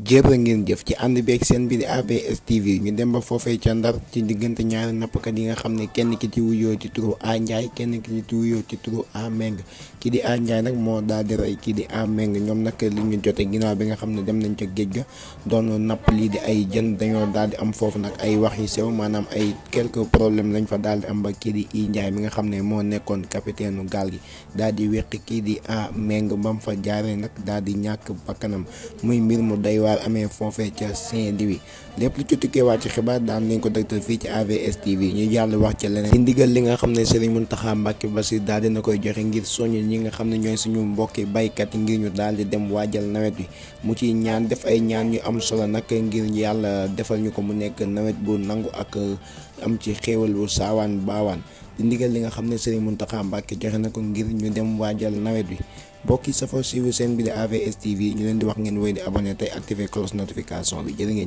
jërë ngeen jëf ci ànd bi ak seen bi di APS TV ñu dem ba foofee ca ndar ci diggante ñaari nappkat yi nga xam ne kenn ki ci wuyoo ci turu A Ndiaye kenn ki ci wuyoo ci turu A Meng ki di A Ndiaye nag moo daal di rey kii di A Meng ñoom nag li ñu jote ginnaaw bi nga xam ne dem nañ ca géej ga doon napp lii di ay jën dañoo daal di am foofu nag ay wax yu sew maanaam ay quelques problèmes lañ fa daal di am ba kii di I Ndiaye bi nga xam ne moo nekkoon capitaine gaal gi daal di weq kii di A Meng ba fa jaaree nag daal di ñàkk Waar amee foofee ca Saint-Louis lépp lu ci tukkeewaat ci xibaar daan nañ ko dëgtal fii ci AVS TV ñu jàll wax ci leneen ci ndigal li nga xam ne Serigne Mountakha Mbacké Bassir daal na koy joxe ngir soññ ñi nga xam ne ñooy suñu mbokki baykat ngir ñu daal di dem waajal nawet bi mu ci ñaan def ay ñaan yu am solo nag ngir yàlla defal ñu ko mu nekk nawet bu nangu ak uh, am ci xéewal bu saawaan baawaan di ndigal li nga xam ne Serigne Mountakha Mbacké joxe na ko ngir ñu dem waajal nawet bi mbokk yi safoo suivre seen bi di ñu leen di wax ngeen woy di abonné tey activé cloche notification bi jërë ngeen